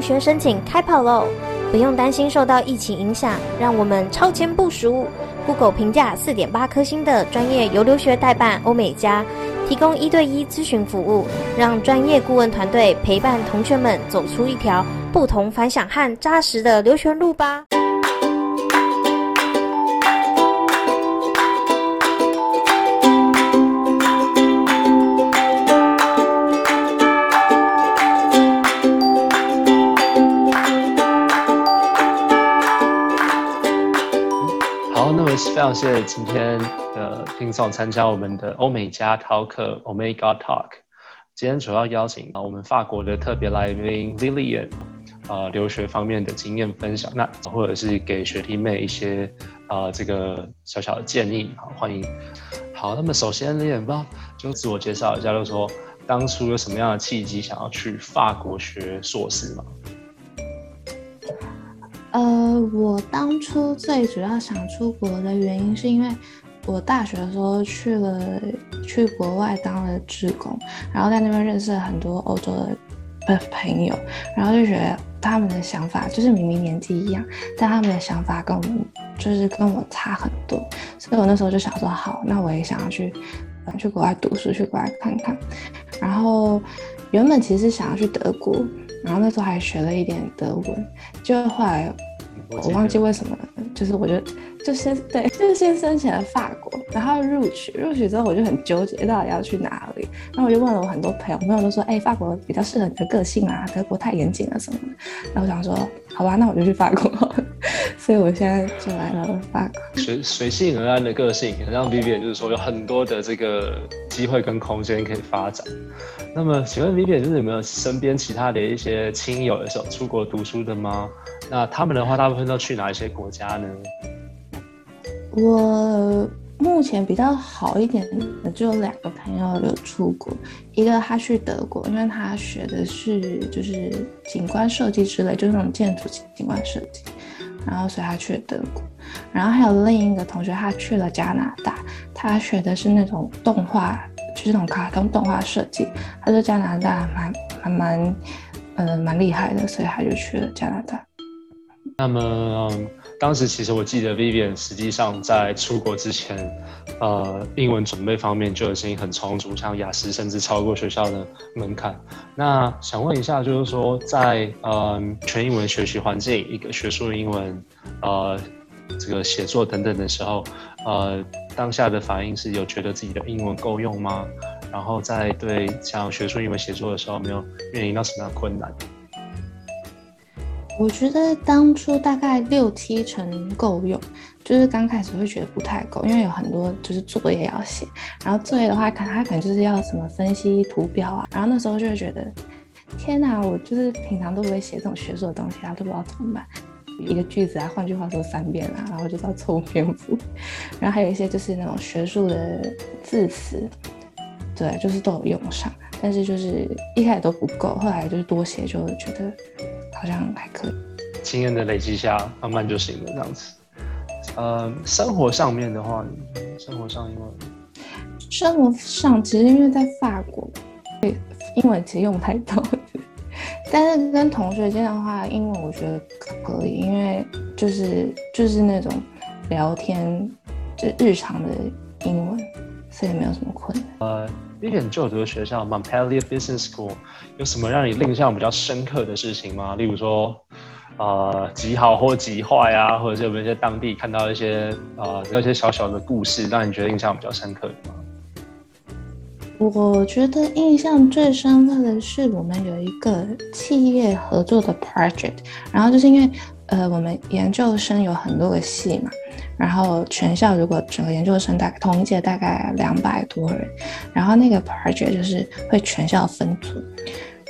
留學申請開跑嘍！不用擔心受到疫情影響，讓我們超前部署。Google 評價四點八顆星的專業遊留學代辦歐美加，提供一對一諮詢服務，讓專業顧問團隊陪伴同學們走出一條不同凡響和扎實的留學路吧。Yes, 非常謝謝今天的聽眾參加我們的歐美加 Talk，歐美加 Talk。今天主要邀請啊，我們法國的特別來賓 Lillian，啊、呃，留學方面的經驗分享，那或者是給學弟妹一些啊、呃、這個小小的建議，好歡迎。好，那麼首先 Lillian 就自我介紹一下就是，就說當初有什麼樣的契機想要去法國學碩士嗎？呃，我當初最主要想出國的原因，是因為我大學的時候去了去國外當了志工，然後在那邊認識了很多歐洲的朋友，然後就覺得他們的想法就是明明年紀一樣，但他們的想法跟我們就是跟我差很多，所以我那時候就想說，好，那我也想要去、呃、去國外讀書，去國外看看。然後原本其實想要去德國。然後那時候還學了一點德文，就後來我忘記為什麼，得了就是我就就先對，就是先申請了法國，然後錄取錄取之後我就很糾結到底要去哪裡，然後我就問了我很多朋友，朋友都說哎、欸、法國比較適合你的個性啊，德國太嚴謹了什麼的，那我想說好吧，那我就去法國。所以我現在就來了法國，隨隨性而安的個性，v v 也讓 Vivian 就是說有很多的這個機會跟空間可以發展。那麼，請問 Vivian，就是有沒有身邊其他的一些親友的時候，出國讀書的嗎？那他們的話，大部分都去哪一些國家呢？我目前比較好一點的，就有兩個朋友有出國，一個他去德國，因為他學的是就是景觀設計之類，就是那種建築景觀設計。然後所以他去了德國，然後還有另一個同學，他去了加拿大，他學的是那種動畫，就是那種卡通動畫設計。他說加拿大蠻蠻蠻、呃，蠻厲害的，所以他就去了加拿大。那麼、um。當時其實我記得 Vivian 實際上在出國之前，呃，英文準備方面就已經很充足，像雅思甚至超過學校的門檻。那想問一下，就是說在呃全英文學習環境，一個學術的英文，呃，這個寫作等等的時候，呃，當下的反應是有覺得自己的英文夠用嗎？然後在對像學術英文寫作的時候，沒有面臨到什麼樣的困難？我覺得當初大概六七成夠用，就是剛開始會覺得不太夠，因為有很多就是作業要寫，然後作業的話，他他可能就是要什麼分析圖表啊，然後那時候就會覺得，天哪，我就是平常都不會寫這種學術的東西，他都不知道怎麼辦，一個句子啊，換句話說三遍啊，然後就知道錯誤篇幅，然後還有一些就是那種學術的字詞，對，就是都有用上，但是就是一開始都不夠，後來就是多寫就覺得。好像還可以。經驗的累積下，慢慢就行了這樣子。呃，生活上面的話，生活上因為生活上其實因為在法國，對英文其實用不太到，但是跟同學間的話，英文我覺得可以，因為就是就是那種聊天就日常的英文。所以沒有什麼困難。呃，你很就讀的學校 Montpellier 嗎 Business School 有什麼讓你印象比較深刻的事情嗎？例如說，呃，極好或極壞呀，或者是有沒有在當地看到一些啊，那、呃、些小小的故事讓你覺得印象比較深刻嗎？我覺得印象最深刻的是我們有一個企業合作的 project，然後就是因為呃，我們研究生有很多個系嘛。然後全校如果整個研究生大概同一屆大概兩百多人，然後那個 project 就是會全校分組，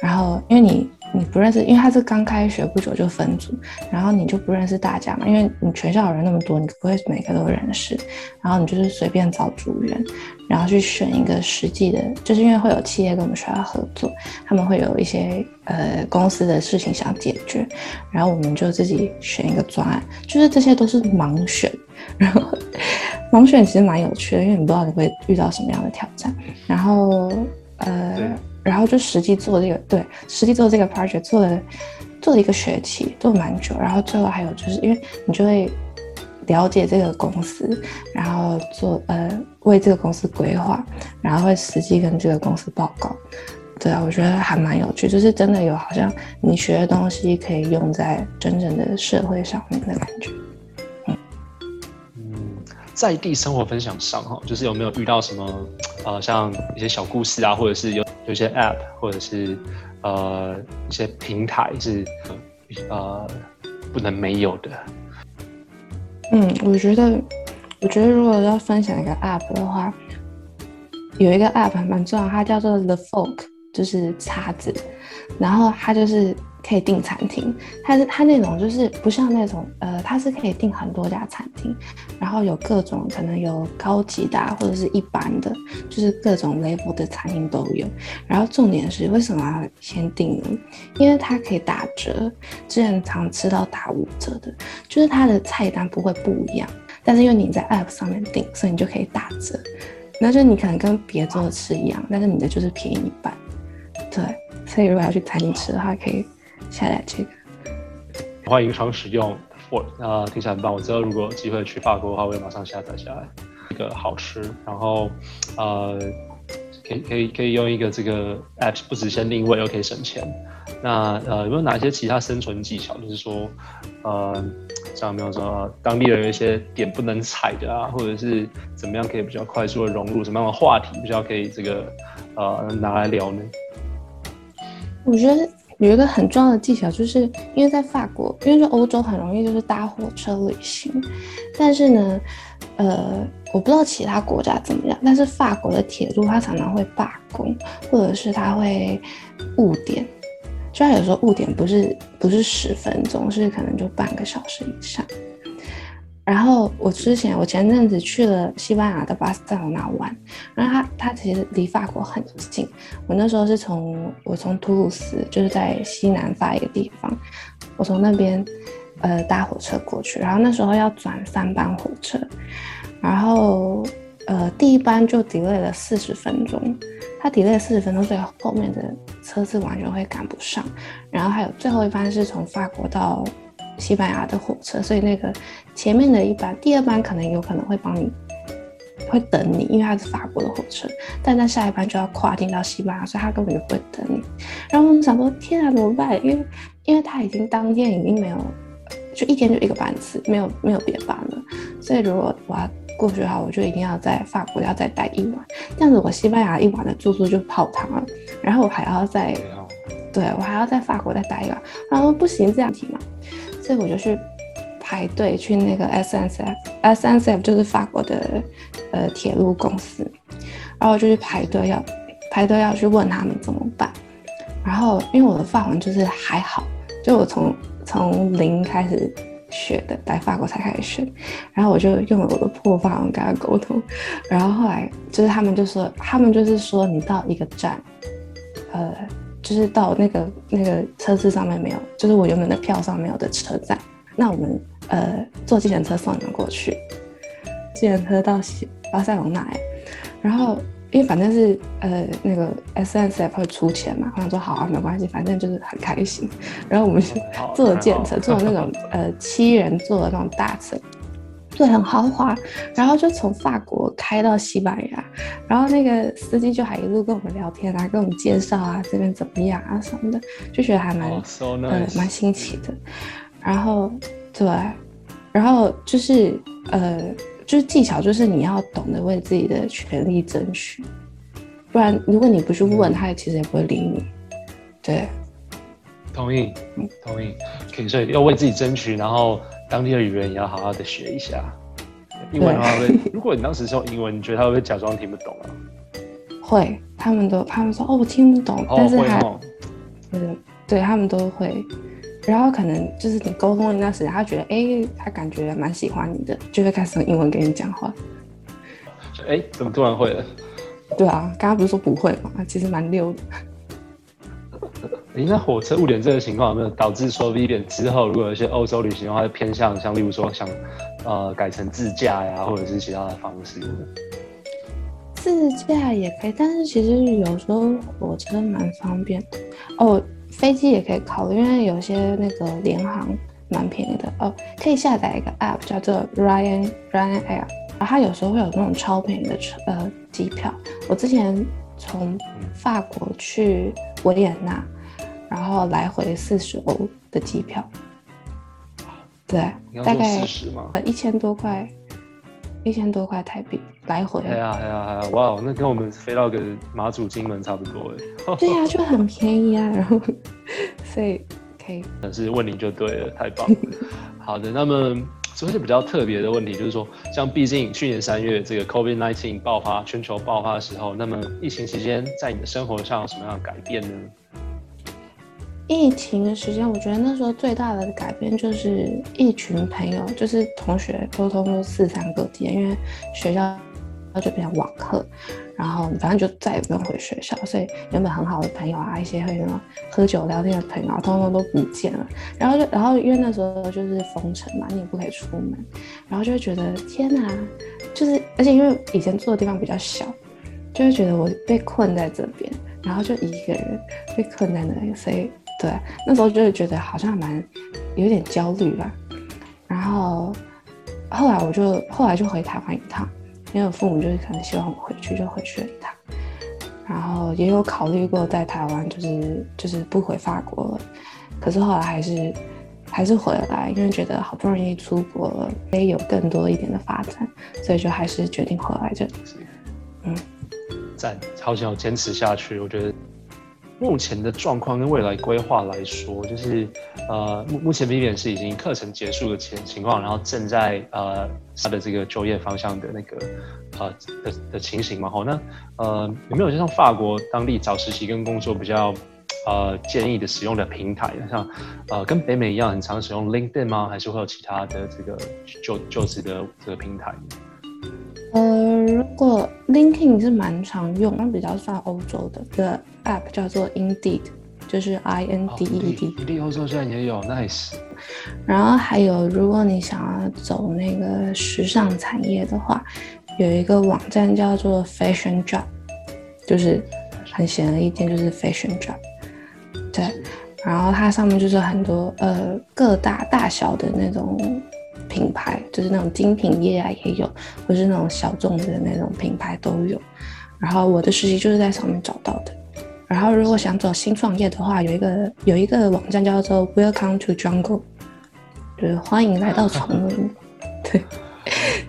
然後因為你。你不認識，因為他是剛開學不久就分組，然後你就不認識大家嘛，因為你全校的人那麼多，你不會每個都認識，然後你就是隨便找組員，然後去選一個實際的，就是因為會有企業跟我們學校合作，他們會有一些呃公司的事情想解決，然後我們就自己選一個專案，就是這些都是盲選，然後盲選其實蠻有趣的，因為你不知道你會遇到什麼樣的挑戰，然後呃。然後就實際做這個，對，實際做這個 project，做了，做了一個學期，做了蠻久。然後最後還有就是，因為你就會了解這個公司，然後做呃為這個公司規劃，然後會實際跟這個公司報告。對啊，我覺得還蠻有趣，就是真的有好像你學的東西可以用在真正的社會上面的感覺。在地生活分享上，哈，就是有沒有遇到什麼，呃，像一些小故事啊，或者是有有些 App，或者是，呃，一些平台是，呃，不能沒有的。嗯，我覺得，我覺得如果要分享一個 App 的話，有一個 App 蠻重要，它叫做 The Fork，就是叉子，然後它就是。可以訂餐廳，它是它那種就是不像那種呃，它是可以訂很多家餐廳，然後有各種可能有高級的，啊，或者是一般的，就是各種 level 的餐廳都有。然後重點是為什麼要先訂呢？因為它可以打折，之前常吃到打五折的，就是它的菜單不會不一樣，但是因為你在 app 上面訂，所以你就可以打折。那就你可能跟別桌的吃一樣，但是你的就是便宜一半，對。所以如果要去餐廳吃的話，可以。下載這個，歡迎常使用 Ford，呃。啊，聽起來很棒！我知道，如果有機會去法國的話，我會馬上下載下來。一個好吃，然後，呃，可以可以可以用一個這個 apps，不只先定位，又可以省錢。那呃，有沒有哪些其他生存技巧？就是說，呃，像沒有說當地人有一些點不能踩的啊，或者是怎麼樣可以比較快速的融入什麼樣的話題，比較可以這個呃拿來聊呢？我覺得。有一個很重要的技巧，就是因為在法國，因為是歐洲，很容易就是搭火車旅行。但是呢，呃，我不知道其他國家怎麼樣，但是法國的鐵路它常常會罷工，或者是它會誤點。雖然有時候誤點不是不是十分鐘，是可能就半個小時以上。然後我之前我前陣子去了西班牙的巴塞羅那玩，然後它它其實離法國很近。我那時候是從我從圖魯斯，就是在西南方一個地方，我從那邊呃搭火車過去，然後那時候要轉三班火車，然後呃第一班就 delay 了四十分鐘，它 delay 了四十分鐘，所以後面的車次完全會趕不上。然後還有最後一班是從法國到。西班牙的火車，所以那個前面的一班、第二班可能有可能會幫你，會等你，因為它是法國的火車。但在下一班就要跨境到西班牙，所以他根本就不會等你。然後我們想說，天啊，怎麼辦？因為因為他已經當天已經沒有，就一天就一個班次，沒有沒有別班了。所以如果我要過去的話，我就一定要在法國要再待一晚，這樣子我西班牙一晚的住宿就泡湯了。然後我還要在，對，我還要在法國再待一晚。然後不行，這樣提嘛。所以我就去排隊去那個 SNCF，SNCF 就是法國的呃鐵路公司，然後我就去排隊要排隊要去問他們怎麼辦。然後因為我的法文就是還好，就我從從零開始學的，來法國才開始學，然後我就用了我的破法文跟他溝通。然後後來就是他們就說，他們就是說你到一個站，呃。就是到那個那個車次上面沒有，就是我原本的票上沒有的車站，那我們呃坐計程車送你們過去，計程車到巴塞隆那，然後因為反正是呃那個 SNCF 會出錢嘛，我想說好啊，沒關係，反正就是很開心，然後我們就好坐計程車好坐那種 呃七人座的那種大車。對，很豪華，然後就從法國開到西班牙，然後那個司機就還一路跟我們聊天啊，跟我們介紹啊，這邊怎麼樣啊什麼的，就覺得還蠻嗯、oh, so nice. 呃、蠻新奇的。然後對、啊，然後就是呃，就是技巧就是你要懂得為自己的權利爭取，不然如果你不去問，嗯、他也其實也不會理你。對，同意，同意，okay, 所以要為自己爭取，然後。當地的語言也要好好的學一下，英文他會，對如果你當時說英文，你覺得他會不會假裝聽不懂啊？會，他們都，他們說哦，我聽不懂，哦、但是還，哦、嗯，對，他們都會，然後可能就是你溝通的那段時間，他覺得哎、欸，他感覺蠻喜歡你的，就會開始用英文跟你講話。哎、欸，怎麼突然會了？對啊，剛剛不是說不會嘛，其實蠻溜的。你、欸、那火車誤點這個情況有沒有導致說誤點之後，如果有一些歐洲旅行的話，就偏向像例如說想，呃，改成自駕呀，或者是其他的方式？自駕也可以，但是其實有時候火車蠻方便。哦，飛機也可以考慮，因為有些那個聯航蠻便宜的哦。可以下載一個 App 叫做 Ryan Ryan Air，然後它有時候會有那種超便宜的車呃機票。我之前從法國去維也納。嗯然後來回四十歐的機票，對，大概四十嘛，一千多塊，一千多塊台幣來回。哎呀、啊，哎呀，哎呀，哇，那跟我們飛到個馬祖、金門差不多哎。對呀、啊，就很便宜啊， 然後所以可以。但是問你就對了，太棒了。好的，那麼所以是比較特別的問題，就是說，像畢竟去年三月這個 COVID-19 爆發、全球爆發的時候，那麼疫情期間在你的生活上有什麼樣的改變呢？疫情的時間，我覺得那時候最大的改變就是一群朋友，就是同學，通通四散各地點，因為學校就比較網課，然後你反正就再也不用回學校，所以原本很好的朋友啊，一些會什麼喝酒聊天的朋友，通通都不見了。然後就，然後因為那時候就是封城嘛，你也不可以出門，然後就會覺得天哪，就是而且因為以前住的地方比較小，就會覺得我被困在這邊，然後就一個人被困在那邊，所以。對，那時候就是覺得好像還蠻有點焦慮吧，然後後來我就後來就回台灣一趟，因為我父母就是可能希望我回去，就回去了一趟，然後也有考慮過在台灣就是就是不回法國了，可是後來還是還是回來，因為覺得好不容易出國了，可以有更多一點的發展，所以就還是決定回來，就嗯，贊，好想要堅持下去，我覺得。目前的狀況跟未來規劃來說，就是，呃，目目前 Vivian 是已經課程結束的情況，然後正在呃他的這個就業方向的那個，呃的的，的情形嘛。好，那呃有沒有像法國當地找實習跟工作比較，呃建議的使用的平台，像呃跟北美一樣很常使用 LinkedIn 嗎？還是會有其他的這個就就職的這個平台？呃，如果。Linking 是蠻常用，那比較算歐洲的一個 app 叫做 Indeed，就是 I N D E D。Indeed oh, 歐洲現在也有，nice。然後還有，如果你想要走那個時尚產業的話，有一個網站叫做 Fashion Job，就是很顯而易見就是 Fashion Job。對，然後它上面就是很多呃各大大小的那種。品牌，就是那種精品業啊，也有，或是那種小眾的那種品牌都有。然後我的實習就是在上面找到的。然後如果想找新創業的話，有一個有一個網站叫做 Welcome to Jungle，就是歡迎來到叢林。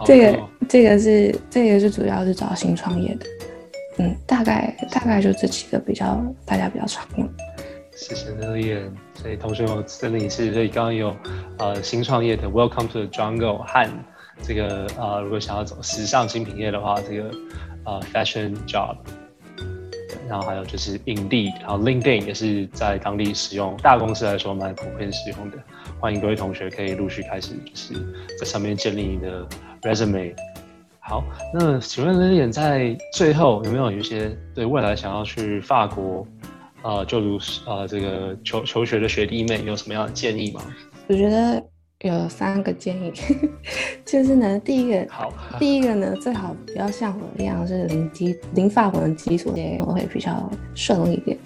對，這個這個是這個是主要是找新創業的。嗯，大概大概就這幾個比較大家比較常用。謝謝你的留言。所以同學們真的是，所以剛剛有，呃，新創業的 Welcome to the Jungle 和這個呃，如果想要走時尚精品業的話，這個呃 Fashion Job，然後還有就是 Indeed 然後 LinkedIn 也是在當地使用，大公司來說蠻普遍使用的。歡迎各位同學可以陸續開始就是在上面建立你的 Resume。好，那請問林點在最後有沒有，有一些對未來想要去法國？啊、呃，就如啊、呃，這個求求學的學弟妹有什麼樣的建議嗎？我覺得有三個建議， 就是呢，第一個，好，第一個呢， 最好不要像我一樣是零基零發國的基礎，也會比較順利一點。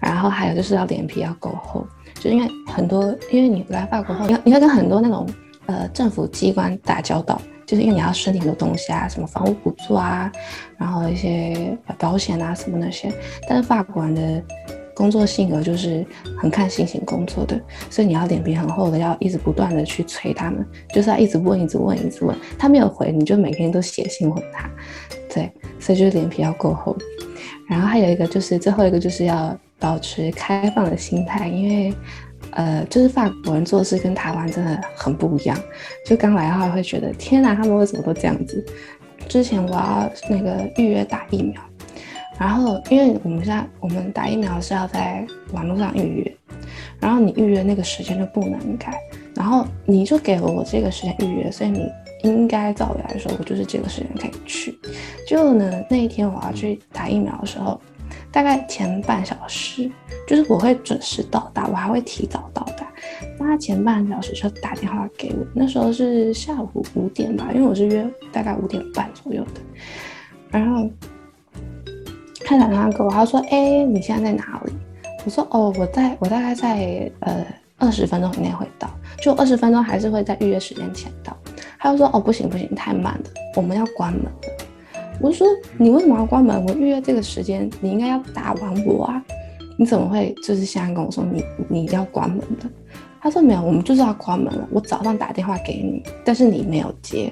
然後還有就是要臉皮要夠厚，就是因為很多，因為你來法國後，你要你要跟很多那種呃政府機關打交道。就是因為你要申請的東西啊，什麼房屋補助啊，然後一些保險啊什麼那些，但是法國人的工作性格就是很看心情工作的，所以你要臉皮很厚的，要一直不斷的去催他們，就是要一直問，一直問，一直問，他沒有回，你就每天都寫信問他，對，所以就是臉皮要夠厚，然後還有一個就是最後一個就是要保持開放的心態，因為。呃，就是法國人做事跟台灣真的很不一樣。就剛來的話，會覺得天吶，他們為什麼都這樣子？之前我要那個預約打疫苗，然後因為我們現在我們打疫苗是要在網絡上預約，然後你預約那個時間就不能改，然後你就給了我這個時間預約，所以你應該照理來說，我就是這個時間可以去。就呢，那一天我要去打疫苗的時候。大概前半小時，就是我會準時到達，我還會提早到達。那他前半小時就打電話給我，那時候是下午五點吧，因為我是約大概五點半左右的。然後他打電話給我，他，他說：“哎，你現在在哪裡？”我說：“哦，我在，我大概在呃二十分鐘以內會到，就二十分鐘還是會在預約時間前到。”他又說：“哦，不行不行，太慢了，我們要關門了。”我說：“你為什麼要關門？我預約這個時間，你應該要打完我啊！你怎麼會就是現在跟我說你你要關門的？”他說：“沒有，我們就是要關門了。我早上打電話給你，但是你沒有接。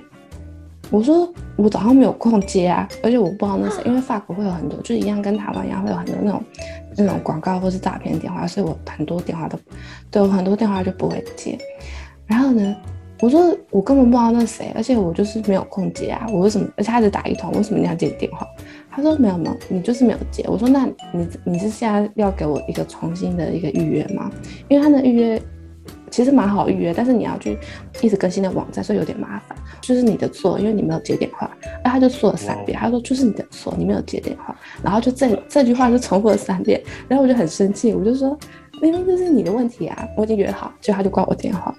我說我早上沒有空接啊，而且我不知道那是因為法國會有很多，就是一樣跟台灣一樣會有很多那種那種廣告或是詐騙電話，所以我很多電話都對我很多電話就不會接。然後呢？”我說我根本不知道那是誰，而且我就是沒有空接啊，我為什麼？而且他只打一通，為什麼你要接電話？他說沒有沒有，你就是沒有接。我說那你你是現在要給我一個重新的一個預約嗎？因為他的預約其實蠻好預約，但是你要去一直更新的網站，所以有點麻煩。就是你的錯，因為你沒有接電話。然後他就說了三遍，他說就是你的錯，你沒有接電話。然後就這這句話就重複了三遍，然後我就很生氣，我就說明明就是你的問題啊，我已經約好，結果他就掛我電話。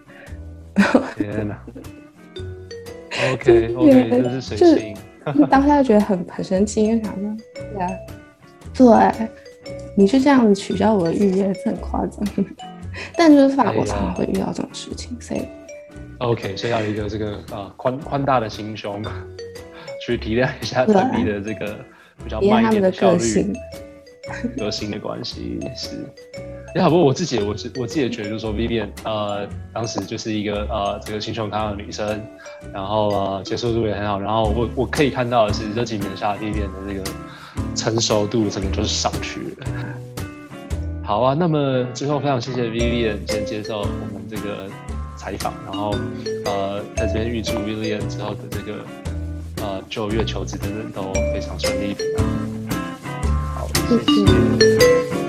天啊，OK，OK，就是就是， 當下覺得很很神奇，因為啥呢？對啊，對，你是這樣子取消我的預約，這很誇張，但就是法國常常會遇到這種事情，哎、呀所以，OK，先要一個這個啊寬寬大的心胸去體諒一下本地的這個對比較慢熱的效率，啊、他們的個性，和新的關係是。也好，不過我自己，我自我自己也覺得，就是說 Vivian，呃，當時就是一個呃，這個青春可愛的女生，然後呃，接受度也很好，然後我我可以看到的是這幾年下來 Vivian 的這個成熟度，真的就是上去了。好啊，那麼最後非常謝謝 Vivian 先接受我們這個採訪，然後呃，在這邊預祝 Vivian 之後的這個呃就業求職等等都非常順利啊。好，謝謝。謝謝